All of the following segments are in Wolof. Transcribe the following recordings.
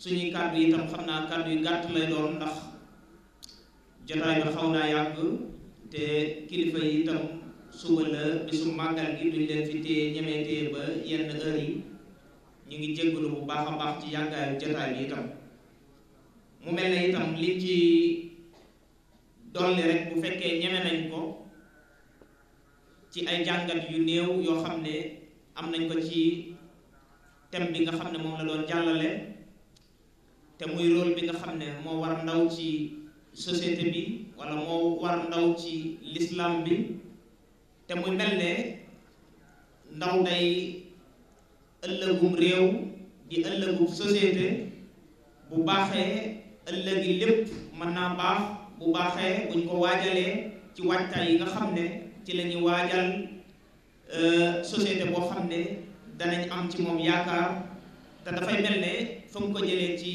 suñuy kàddu yi itam xam naa kàddu yu gàtt lay doon ndax jotaay bi xaw naa yàgg te kilifa yi itam suba la bisu màggal gi duñ leen fi téye ñemee téye ba yenn heure yi ñu ngi jéggalu bu baax ci yàggaayu jotaay bi itam mu mel na itam li ci dolli rek bu fekkee ñeme nañ ko ci ay jàngat yu néew yoo xam ne am nañ ko ci thème bi nga xam ne moom la doon jàllale te muy rôle bi nga xam ne moo war ndaw ci société bi wala moo war ndaw ci l'islam bi te muy mel ne ndaw day ëllëgum réew di ëllëgum société bu baaxee ëllëgi lépp man naa baax bu baaxee buñ ko waajalee ci waajtaay yi nga xam ne ci la ñuy waajal euh, société boo xam ne danañ am ci moom yaakaar te dafay mel ne fa mu ko jëlee ci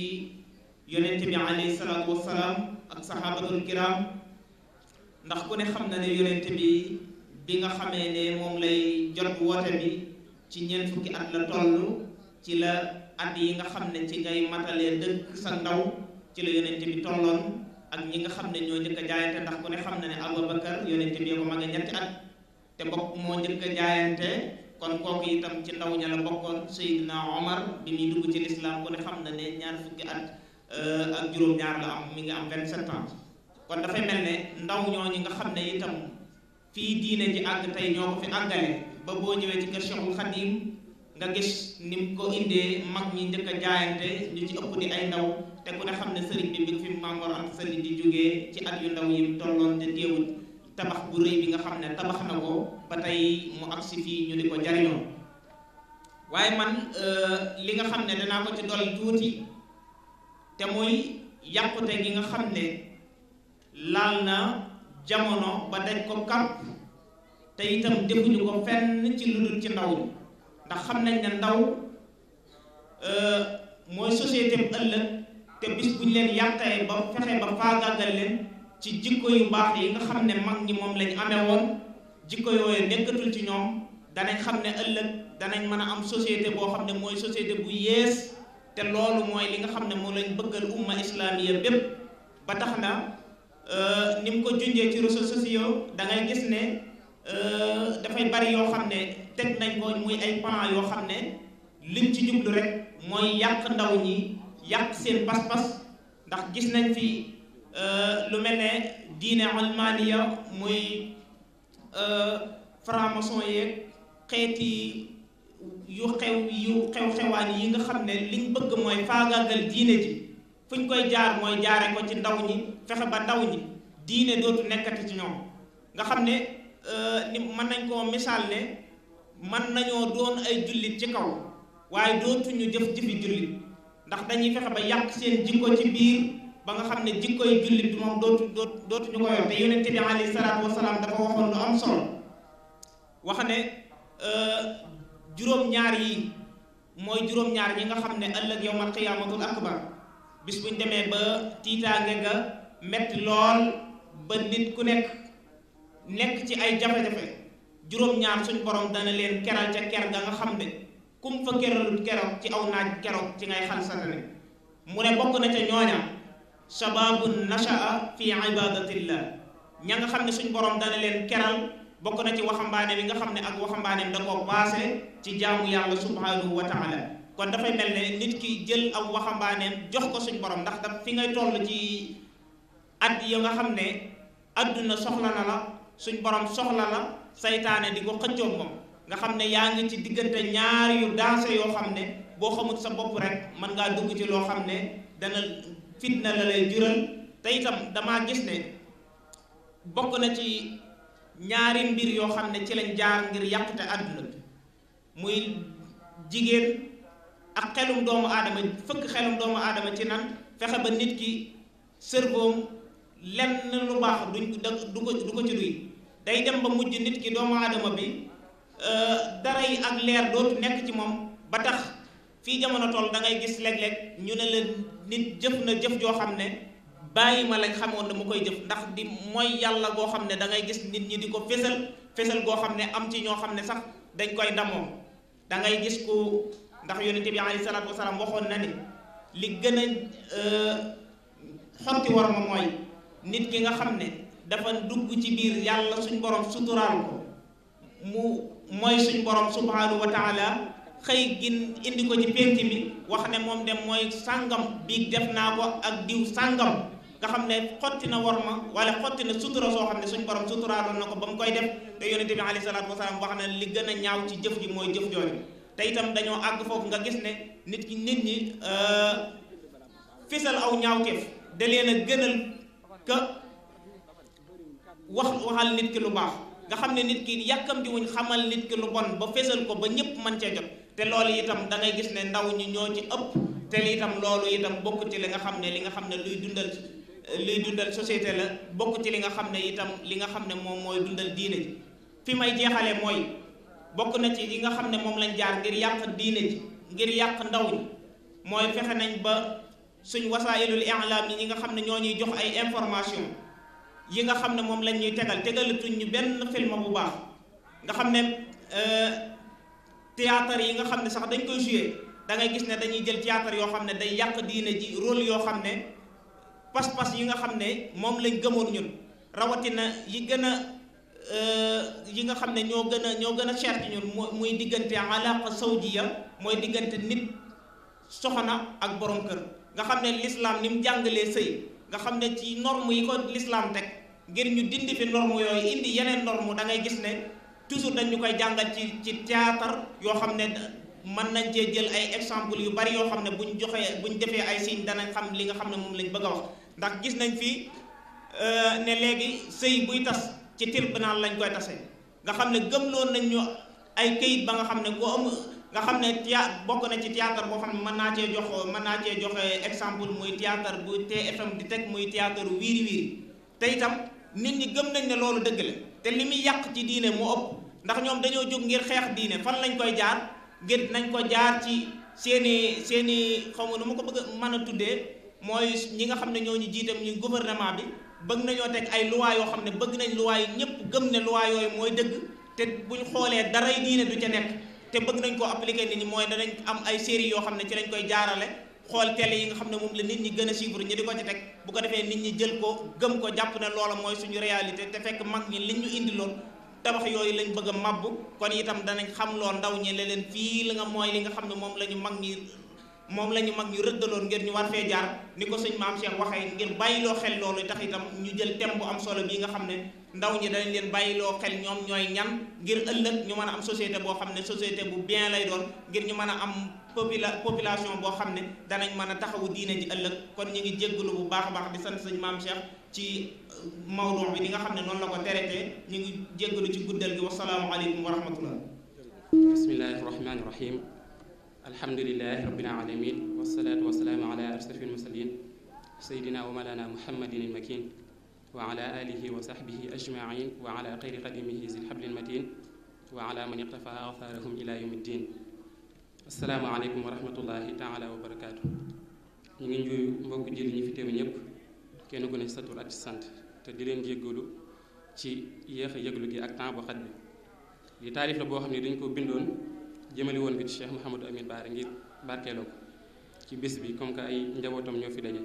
yonent bi alayhi salaatu wassalaam ak saxaabatul kiram ndax ku ne xam na ne yonent bi bi nga xam ne moom lay jot woote bi ci ñeent fukki at la toll ci la at yi nga xam ne ci ngay matalee dëkk sa ndaw ci la yonent bi tolloon ak ñi nga xam ne ñoo njëkk a jaayante ndax ku ne xam na ne Abubakar yonent bi ko mag a ñetti at te bokk moo njëkk jaayante kon kooku itam ci ndaw ña la bokkoon Seydina Omar bi muy dugg ci lislaam ku ne xam na ne ñaar fukki at Euh, ak juróom-ñaar la am mi ngi am vingt sept ans kon dafay mel ne ndaw ñooñu nga xam ne itam fii diine ji àgg tey ñoo ko fi àggale ba boo ñëwee ci kër Cheikhul Khadim nga gis ni mu ko indee mag ñi njëkk a jaayante ñu ci ëpp di ay ndaw te ku ne xam ne sëriñ bi bi nga fi Mamoor Anta Sali di jógee ci at yu ndaw yi tolloon te teewul tabax bu rëy bi nga xam ne tabax na ko ba tey mu agsi fii ñu di ko jariñoo waaye man euh, li nga xam ne danaa ko ci dolli tuuti te muy yàqute gi nga xam ne laal na jamono ba daj ko kàpp te itam defuñu ko fenn ci lu dul ci ndaw ndax xam nañ ne ndaw euh, mooy société bu ëllëg te bis bu leen yàqee ba fexe ba faagaagal leen ci jikko yu baax yi nga xam ne mag ñi moom lañ amee woon jikko yooyu nekkatul ci ñoom danañ xam ne ëllëg danañ mën a am société boo xam ne mooy société bu yées te loolu mooy li nga xam ne moo lañ bëggal umma islamiya bépp ba tax na euh, ni mu ko junjee ci réseaux sociaux da gis ne euh, dafay bari yoo xam ne teg nañ ko muy ay plan yoo xam ne lim ci jublu rek mooy yàq ndaw ñi yàq seen pas-pas ndax gis nañ fi euh, lu mel ne diine almaniya muy franc-maçon yeeg xeeti yu xew yu xew-xewaan yi nga xam ne liñ bëgg mooy faagaagal diine ji fuñ koy jaar mooy jaare ko ci ndaw ñi fexe ba ndaw ñi diine dootu nekkati ci ñoom nga xam ne euh, ni mën nañ koo misaal ne mën nañoo doon ay jullit ci kaw waaye ñu jëf jëfi jullit ndax dañuy fexe ba yàq seen jikko ci biir ba nga xam ne jikko yi jullit bi moom dootu dootu dootuñu ko yor te yonente bi alayhi salaatu wasalaam dafa waxoon lu am solo wax ne euh, juróom-ñaar yi mooy juróom-ñaar yi nga xam ne ëllëg yowmal qiyaamatul akbar bis bu ñu demee ba tiitaange nga metti lool ba nit ku nekk nekk ci ay jafe-jafe juróom-ñaar suñ borom dana leen keral ca ker ga nga xam ne kum fa keralut keroog ci aw naaj keroog ci ngay xal satane mu ne bokk na ca ñooña shababun nasha'a fi ibadatillah ña nga xam ne suñ borom dana leen keral bokk na ci waxambaane bi nga xam ne ak waxambaane da koo paase ci jaamu yàlla subhanahu wa taala kon dafay mel ne nit ki jël am waxambaane jox ko suñ borom ndax daf fi ngay toll ci at ya nga xam ne adduna soxla na la suñ borom soxla la saytaane di ko xëccoo moom nga xam ne yaa ngi ci diggante ñaar yu daase yoo xam ne boo xamul sa bopp rek mën ngaa dugg ci loo xam ne dana fitna la lay jural te itam damaa gis ne bokk na ci ñaari mbir yoo xam ne ci lañ jaar ngir yàqute àdduna bi muy jigéen ak xelum doomu aadama fëkk xelum doomu aadama ci nan fexe ba nit ki sërboom lenn lu baax duñ du ko du ko ci duy day dem ba mujj nit ki doomu aadama bi euh, dara yi ak leer dootu nekk ci moom ba tax fii jamono toll dangay gis léeg-léeg ñu ne la nit jëf na jëf joo xam ne bàyyi ma lañ xamoon ne mu koy jëf ndax di mooy yàlla goo xam ne da gis nit ñi di ko fésal fésal goo xam ne am ci ñoo xam ne sax dañ koy damoo da gis ko ndax yoonu bi alayhi salaatu wasalaam waxoon na ni li gën a euh, xotti war ma mooy nit ki nga xam ne dafa dugg ci biir yàlla suñ borom suturaal ko mu mooy suñ borom subhanahu wa xëy gin indi ko ci pénc mi wax ne moom dem mooy sàngam biig def naa ko ak diw sàngam nga xam ne xotti na war ma wala xotti na sutura soo xam ne suñ borom suturaaloon na ko ba mu koy def te yonente bi alayhi salaatu wasalaam wax na li gën a ñaaw ci jëf ji mooy jëf jooju te itam dañoo àgg foofu nga gis ne nit ñi nit ñi euh, fisal aw ñaawteef da leen a gënal ka wax waxal nit ki lu baax nga xam ne nit ki yàkkamti wuñ xamal nit ki lu bon ba ko ba ñëpp mën cee jot te loolu itam da ngay gis ne ndaw ñi ñoo ci ëpp te li itam loolu itam bokk ci li nga xam ne li nga xam ne luy dundal luy dundal société la bokk ci li nga xam ne itam li nga xam ne moom mooy dundal diine ji fi may jeexale mooy bokk na ci yi nga xam ne moom lañ jaar ngir yàq diine ji ngir yàq ndaw ñi mooy fexe nañ ba suñ wasaayilul i'laam yi nga xam ne ñoo ñuy jox ay information yi nga xam ne moom lañ ñuy tegal tegalatuñ ñu benn film bu baax nga xam ne euh, théâtre yi nga xam ne sax dañ koy joué da ngay gis ne dañuy jël théâtre yoo xam ne day yàq diine ji role yoo xam ne pas-pas yi nga xam ne moom lañ gëmoon ñun rawatina yi gën a euh, yi nga xam ne ñoo gën a ñoo gën a cher ci ñun muy diggante alaqa sawjiya mooy diggante nit soxna ak borom kër nga xam ne lislaam ni mu jàngalee sëy nga xam ne ci norme yi ko lislaam teg ngir ñu dindi fi norme yooyu indi yeneen norme da ngay gis ne toujours dañu koy jàngal ci ci théâtre yoo xam ne mën nañ cee jël ay exemple yu bari yoo xam ne ñu joxee buñ defee ay signes danañ xam li nga xam ne moom lañ bëgg a ndax gis nañ fi euh, ne léegi sëy buy tas ci tribunal lañ koy tase nga xam ne gëm gëmloon nañ ñu ay këyit ba nga xam ne ku am nga xam ne théâtre bokk na ci théâtre boo xam ne mën naa cee jox mën naa cee joxe exemple muy théâtre bu TFM di teg muy théâtre wiiri wiiri te itam nit ñi gëm nañ ne loolu dëgg la te li muy yàq ci diine mu ëpp ndax ñoom dañoo jóg ngir xeex diine fan lañ koy jaar ngir nañ ko jaar ci seeni seeni xaw ma nu ma ko bëgg mën a tuddee mooy ñi nga xam ne ñoo ñu jiite ñu gouvernement bi bëgg nañoo teg ay loi yoo xam ne bëgg nañ loi yi ñëpp gëm ne loi yooyu mooy dëgg te bu ñu xoolee daray diine du ca nekk te bëgg nañ koo appliquer nit ñi mooy danañ am ay série yoo xam ne ci lañ koy jaarale xool télé yi nga xam ne moom la nit ñi gën a suivre ñi di ko ci teg bu ko defee nit ñi jël ko gëm ko jàpp ne loola mooy suñu réalité te fekk mag ñi li ñu indi lool tabax yooyu lañ bëgg a kon itam danañ xam loo ndaw ñi le leen fii li nga mooy li nga xam ne moom la ñu mag ñi moom la ñu mag ñu rëddaloon ngir ñu war fee jaar ni ko suñ maam Cheikh waxee ngir bàyyiloo xel loolu tax itam ñu jël thème bu am solo bi nga xam ne ndaw ñi dañ leen bàyyiloo xel ñoom ñooy ñan ngir ëllëg ñu mën a am société boo xam ne société bu bien lay doon ngir ñu mën a am popula population boo xam ne danañ mën a taxawu diine ji ëllëg kon ñu ngi jéggalu bu baax a baax di sant sëñ maam Cheikh ci euh, mawdu bi di nga xam ne noonu la ko te ñu ngi jéggalu ci guddal gi wasalaamualeykum wa rahmatullah bismillahi rahmaani rahim alhamdulilahi rabbil alamin wasalaatu wasalaamu ala ashrafil mursalin sayyidina wa mawlana muhammadin wa ala alihi wa sahbihi ajmain wa ala qadimihi zil hablil matin wa man iqtafa atharahum ila yawmi ddin asalaamu aleykum wa rahmatullahi taala wa barakaatu ñu ngi njuy mbokk jëli ñi fi teew ñëpp kenn ku ne sa tur sant te di leen jéggalu ci yéex a yëglu gi ak temps bu bi li taarif la boo xam ne dañ ko bindoon jëmale woon ko ci Cheikh Mouhamadou Amine Baara ngir barkeeloo ko ci bis bi comme que ay njabootam ñoo fi daje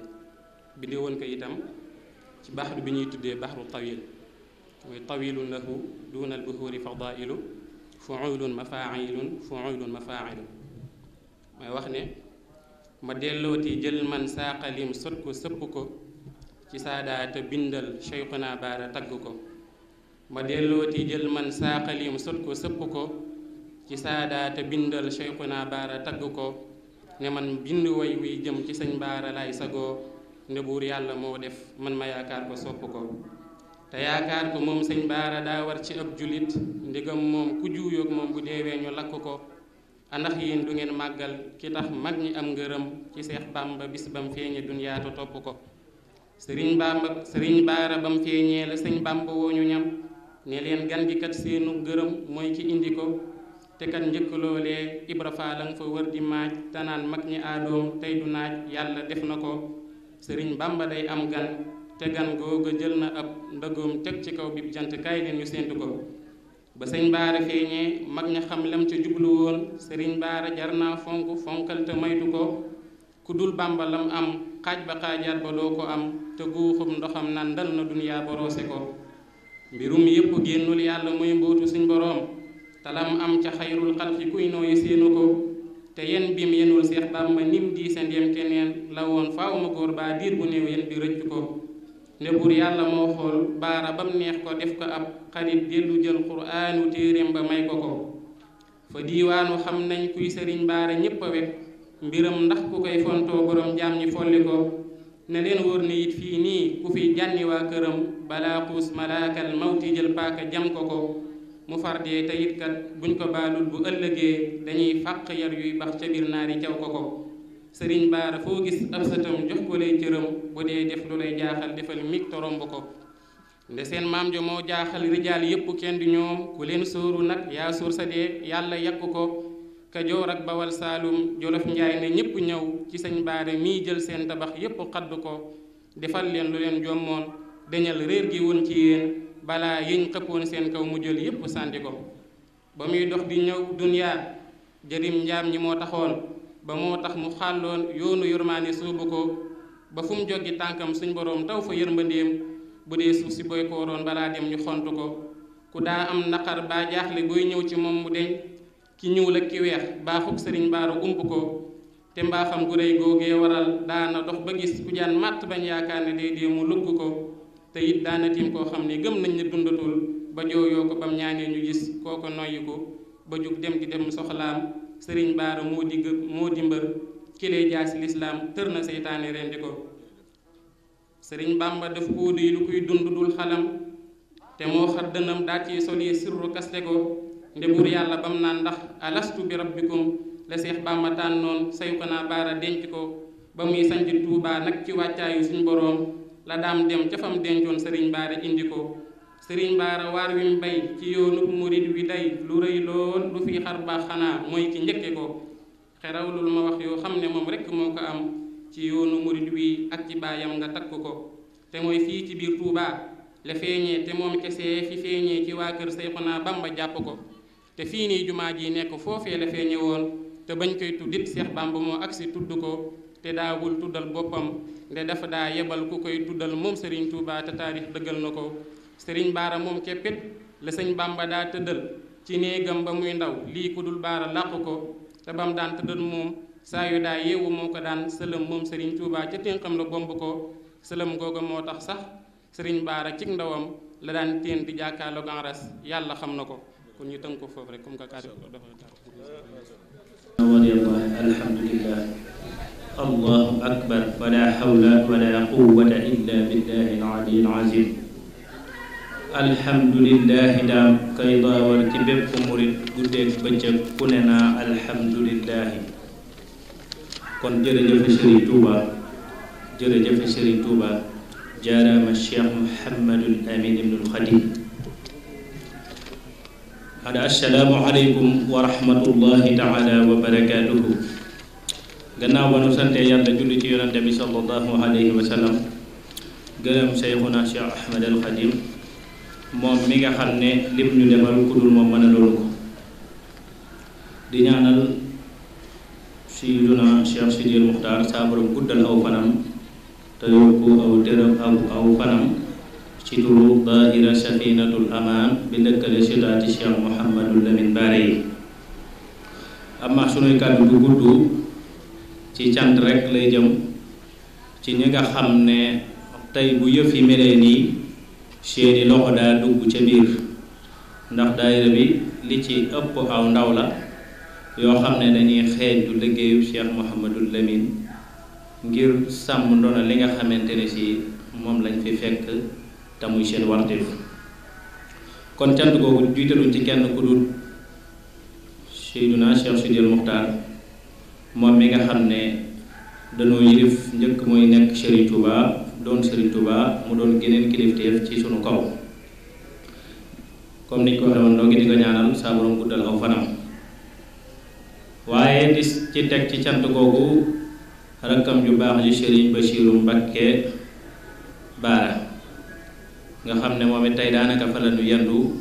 bindee woon ko itam ci baxru bi ñuy tuddee baxru tawil mooy tawilun lahu duna al buhuri fadailu fuulun mafailun fuulun mafailun mooy wax ne ma dellooti jël man saaqalim sot ko sëpp ko ci saadaata bindal cheyquna baara tagg ko ma dellooti jël man saaqalim sot ko sëpp ko ci saada te bindal Cheikhuna Baara tagg ko ne man bind way wuy jëm ci sëñ Baara lay sagoo nde buur yàlla moo def man ma yaakaar ko sopp ko te yaakaar ko moom sëñ Baara daa war ci ab julit ndigam moom ku juuyoog moom bu deewee ñu lakk ko andax yéen du ngeen màggal ki tax mag ñi am ngërëm ci seex Bàmba bis bam feeñe dunyaatu topp ko sëriñ Bàmba sëriñ Baara bam feeñee la sëñ Bàmba woo ñu ñam ne leen gan gi kat seenu gërëm mooy ki indi ko te kat njëkk loolee Ibra Faal nga fa wër di maaj te mag ñi aadoom tey du naaj yàlla def na ko sëriñ Bàmba day am gan te gan googa jël na ab ndëggoom teg ci kaw bi jant kaay leen ñu séentu ko ba sëñ baara feeñee mag ña xam lam ci jublu woon sëriñ baara jar naa fonk fonkal te maytu ko ku dul bàmba lam am xaaj ba xaajaat ba doo ko am te guuxum ndoxam nan ndal na duniyaa boroose ko mbirum yépp génnul yàlla muy mbóotu suñ boroom talam am ca xayrul xalqi kuy nooyi séenu ko te yen bim yenul Seex Bàmba nim di sa keneen la woon faaw ma góor baa diir bu néew bi rëcc ko ne buur yàlla moo xool baara bam neex ko def ko ab xarit dellu jël quraanu téeréem ba may ko ko fa diiwaanu xam nañ kuy sëriñ baara ñépp a wekk mbiram ndax ku koy fontoo borom jaam ñi folli ko ne leen wóor ne it fii nii ku fi jànni këram balaa xuus malaakal mawti jël paaka jam ko ko mu far dee te it kat buñ ko baalul bu ëllëgee dañuy fàq yar yuy bax ca biir naar yi caw ko ko sëriñ baara foo gis ab sëtam jox ko lay cëram bu dee def lu lay jaaxal defal mig toromb ko nde seen maam jo moo jaaxal rijaal yépp kenn du ñoom ku leen sóoru nag yaa suur sa dee yàlla yàq ko kajoor ak bawal saalum jolof njaay ne ñépp ñëw ci sañ baara mii jël seen tabax yépp xadd ko defal leen lu leen jommoon dañal réer gi woon ci yéen balaa yiñ xëppoon seen kaw mu jël yépp sànni ko ba muy dox di ñëw duniyaa jërim njaam ñi moo taxoon ba moo tax mu xàlloon yoonu yërmaane suubu ko ba fu mu joggi tànkam suñ boroom taw fa yërmandeem bu dee suuf si booy kooroon balaa dem ñu xontu ko ku daa am naqar baa jaaxle booy ñëw ci moom mu deñ ki ñuul ak ki weex baaxug sëriñ baaru ump ko te mbaaxam gu rëy googee waral daana dox ba gis ku màtt bañ yaakaar ne day dee mu lugg ko te it daana koo xam ne gëm nañ ne dundatul ba jooyoo ko bam ñaanee ñu gis kooko noyyi ko ba jug dem di dem soxlaam sëriñ baara moo di gë moo di mbër kilee jaasi lislaam tër na seytaane rendi ko sëriñ bàmba def kóodu yi lu koy dund dul xalam te moo xar dënam daa ci soli sirru kaste ko nde buur yàlla bam naan ndax alastu bi rabbikum la seex tànnoon sayu ko naa baara denc ko ba muy sanc tuubaa nag ci wàccaayu suñ boroom la daam dem ca dencoon sëriñ baara indi ko sëriñ baara waar wi mu bay ci yoonu murit wi day lu rëy lool lu fi xar baax xanaa mooy ki njëkke ko xerawlul ma wax yoo xam ne moom rekk moo ko am ci yoonu murit wi ak ci baayam nga takk ko te mooy fii ci biir Touba la feeñee te moom kese fi feeñee ci waa kër Seyxuna Bamba jàpp ko te fii nii jumaa ji nekk foofee la feeñe woon te bañ koy tuddit Seex Bamba moo agsi tudd ko te daawul tuddal boppam nde dafa daa yebal ku koy tuddal moom Serigne Touba te taarix dëggal na ko sëriñ Baara moom keppit la sëñ Bamba daa tëddal ci néegam ba muy ndaw lii ku dul Baara làqu ko te bam daan tëddal moom saa yu daa yeewu moo ko daan sëlëm moom Serigne Touba ca ténqam la bomb ko sëlëm googa moo tax sax sëriñ Baara cig ndawam la daan teen di jàkkaarloog aras yàlla xam na ko kon ñu tënk ko foofu rek comme que kàddu dafa alhamdulillah allahu akbar wala hawla wala quwwata illa billahi al-ali al-azim alhamdulillahi daam kay baawar ci bépp murit guddeeg bëccëg ku ne naa alhamdulillahi kon jërëjëfe Sëriñ Tuuba jërëjëfe Sëriñ Tuuba jaaraama Cheikh Muhammadul Amin ibnul Xadim ada assalaamu aleykum wa rahmatullahi taala wa barakaatuhu gannaaw ba nu santee yàlla julli ci yonante bi sallallahu alayhi wa sallam gërëm seyxuna cheikh ahmad al xadim moom mi nga xam ne lim ñu defal ku dul moom mën loolu ko di ñaanal sayyiduna cheikh sidil muxtaar saa guddal aw fanam te yokku aw dërëm aw aw fanam ci turu daahira safinatul amaan bi lëkkale silaati cheikh muhammadul lamin baare yi am na sunuy kàddu du gudd ci cant rekk lay jëm ci ñi nga xam ne tey bu yëf yi melee nii seeni loxo daa dugg ca biir ndax daayira bi li ci ëpp aw ndaw la yoo xam ne dañuy xeeñtu liggéeyu Cheikh Mouhamadul Lamine ngir sàmm ndono li nga xamante ne si moom lañ fi fekk te muy seen warteef kon cant googu jiitaluñ ci kenn ku dul Seyduna Cheikh Sidil Muxtaar moom mi nga xam ne dañoo yilif njëkk mooy nekk Serigne Touba doon Serigne Touba mu doon geneen kilifteef ci sunu kaw comme niñ ko waxee woon noo ngi di ko ñaanal saa guddal aw fanam waaye di ci teg ci cant googu rakkam yu baax ji Serigne Bassirou Mbacké Baara nga xam ne moom it tey daanaka fa la ñu yendu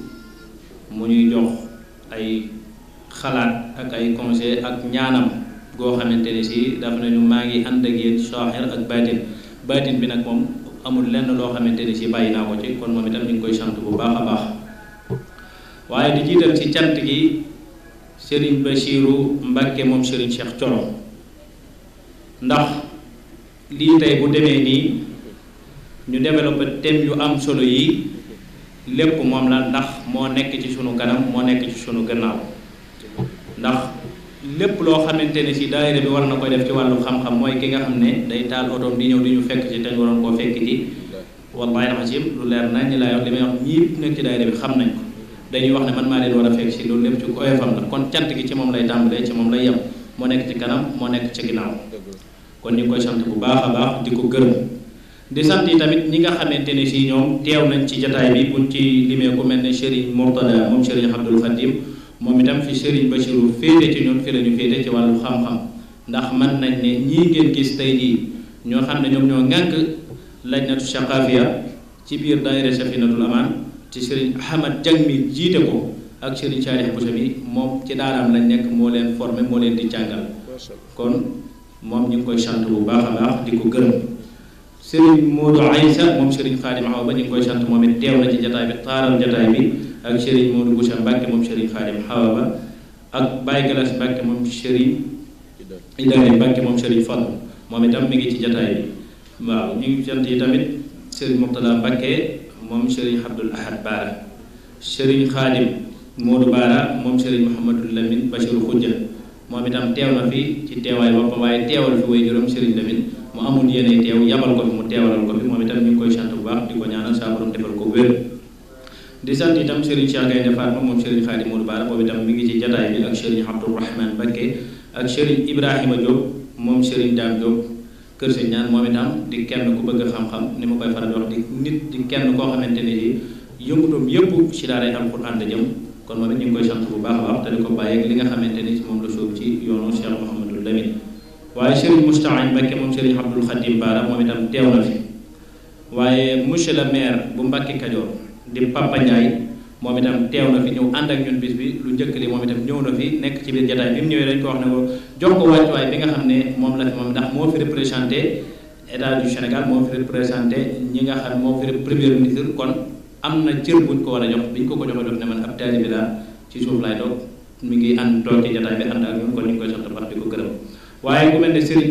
mu ñuy jox ay xalaat ak ay conseil ak ñaanam goo xamante ne si dafa nañu maa ngi ànd ak yéen saaxir ak baatin baatin bi nag moom amul lenn loo xamante ne si bàyyi naa ko ci kon moom itam ñu ngi koy sant bu baax a baax waaye li jiital ci cant gi Serigne Bachirou Mbacke moom sëriñ Cheikh Thioro ndax lii tey bu demee nii ñu développé thème yu am solo yi lépp moom la ndax moo nekk ci sunu kanam moo nekk ci sunu gannaaw ndax lépp loo xamante ne si daayira bi war na ko def ci wàllu xam-xam mooy ki nga xam ne day taal otoom di ñëw di ñu fekk ci te ñu waroon koo fekk ci wallahi alazim leer nañ ñi laay wax li may xam nañ ko dañuy wax ne a fekk si loolu lépp ci oyofam la kon cant gi moom lay tàmbalee moom lay yem moo nekk ci kanam moo nekk ci ginnaaw kon ñu ngi koy sant bu baax a baax di ko gërëm di sant yi tamit ñi nga xamante ne si ñoom teew nañ ci jataay bi buñ ci limee ku mel ne Serigne Mourtada moom Serigne Abdoul Khadim moom itam fi Serigne Bachirou féete ci ñun fi la ñu féete ci wàllu xam-xam ndax mën nañ ne ñii ngeen gis tey jii ñoo xam ne ñoom ñoo ŋànk lajnatu saqaafiya ci biir daayira Safinatul Amaan ci Serigne Ahmad Dieng mi jiite ko ak Serigne Saalix Bousso mi moom ci daaraam lañ nekk moo leen formé moo leen di jàngal kon moom ñu ngi koy sant bu baax a baax di ko gërëm Serigne Modou Aïssa moom Serigne Xaadim Awa ba ñu ngi koy sant moom it na ci jataay bi taaral jataay ak Serigne Modou Boussa Mbacke moom Serigne Khadim Hawa Ba ak Baye Galas Mbacke moom Serigne Idaare moom Serigne Fallou moom itam mi ngi ci jataay bi waaw ñu ngi sant yi tamit Serigne Mourtada Mbacke moom Serigne Abdoul Ahad Baara Serigne Khadim Modou Baara moom Serigne Mouhamadou Lamine Bachirou Khoudia itam teew na fi ci teewaay boppam waaye teewal fi way juróom Serigne Lamine mu amul yéene teew yabal ko fi mu teewalal ko fi moom itam ñu ngi koy sant bu baax di ko ñaanal saa defal ko wér. di sant itam Serigne Cheikh Gaynde Fatma moom Serigne Khadim Modou Bara boobu itam mi ngi ci jataay bi ak Serigne Abdourahmane Mbacké ak Serigne Ibrahima Diop moom Serigne Dame Diop kër Serigne ñaan moom itam di kenn ku bëgg xam-xam ni ma koy faral di nit di kenn koo xamante ne yi yëngutoom yëpp ci daaray alxuraan la jëm kon moom it ñu ngi koy sant bu baax a baax te di ko bàyyeeg li nga xamante ni moom la sóob ci yoonu Cheikh Mouhamadou Lamine waaye Serigne Moustapha Mbacké moom Serigne Abdoul Khadim Bara moom itam teew na fi waaye monsieur bu Mbacké Kajoor di Papa Ndiaye moom itam teew na fi ñëw ànd ak ñun bis bi lu njëkk li moom itam ñëw na fi nekk ci biir jataay bi mu ñëwee dañ ko wax ne ko bi nga xam ne moom la fi moom ndax moo fi représenté état du Sénégal ñi nga xam moo kon am na cër buñ ko war a jox biñ ko ko joxee def ne man ab taalibe ngi ànd toog ci jataay bi ànd ak ñun kon ñu ngi koy sant baax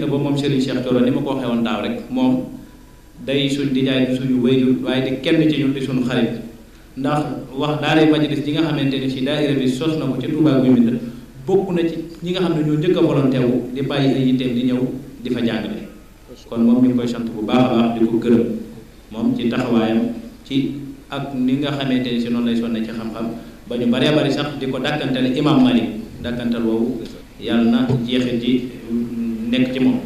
ko moom Serigne Cheikh Thioro ni ma ko waxee di jaay di suñu wéyjur waaye di kenn ci ñun di suñu xarit ndax wax daaray majalis ji nga xamante ne ci daayira bi sos na ko ci Touba Guy Mbind bokk na ci ñi nga xam ne ñoo njëkk a volonté wu di bàyyi ay yitteem di ñëw di fa jàngale kon moom ñu ngi koy sant bu baax a baax di ko gërëm moom ci taxawaayam ci ak ni nga xamante ne si noonu lay sonne ci xam-xam ba ñu baree bari sax di ko dàkkantale imam Malik dàkkantal woowu yàlla na jeexit ji nekk ci moom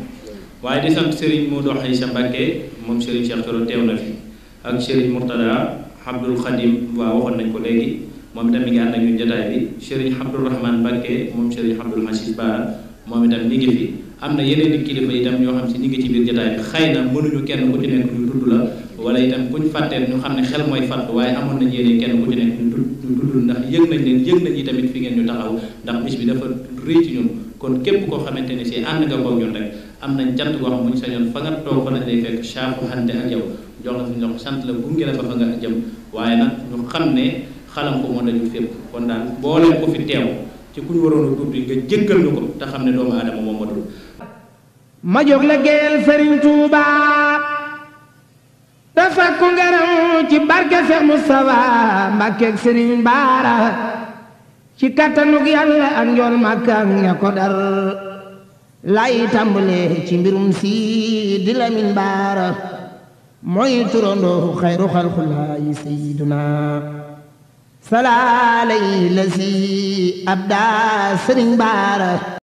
waaye di sant Serigne Modou Aïssa Mbacké moom Serigne Cheikh Thioro teew na fi ak Serigne Mourtada Abdul Xadim waaw waxoon nañ ko léegi moom itam mi ngi ànd ak ñun jotaay bi Serigne Abdul Rahman Mbakke moom am na yeneen i kilifa ñoo xam si ngi ci biir jotaay bi xëy na mënuñu kenn ku ci nekk ñu tudd la wala waaye amoon nañ yéene kenn ku ci ndax yëg nañ leen yëg nañ ñi tamit fi ngeen ñu taxaw ndax bis bi dafa rëy ñun kon képp koo xamante ni si ànd nga koog ñun rek am nañ cant goo xam muñ sañoon fa nga toog fekk saafu xante ak yow jox la suñu loxo sant la gunge la fa fa nga jëm waaye nag ñu xam ne xalam ko moo dañu fépp kon daal boole ko fi teew ci ku ñu waroon a tudd nga jéggal ñu ko te xam ne doomu aadama moom matul ma jóg la geel Sëriñ Tuuba dafa ko ngaram ci barke Seex Mustafa Mbàkkeeg Sëriñ Baara ci kattanug yàlla ak njool Màkka ak ko dar lay tàmbalee ci mbirum si di Lamin Baara mooy turandoo xayru xalqulaayi sayyiduna salaa alayhi la si abdaa sëriñ baara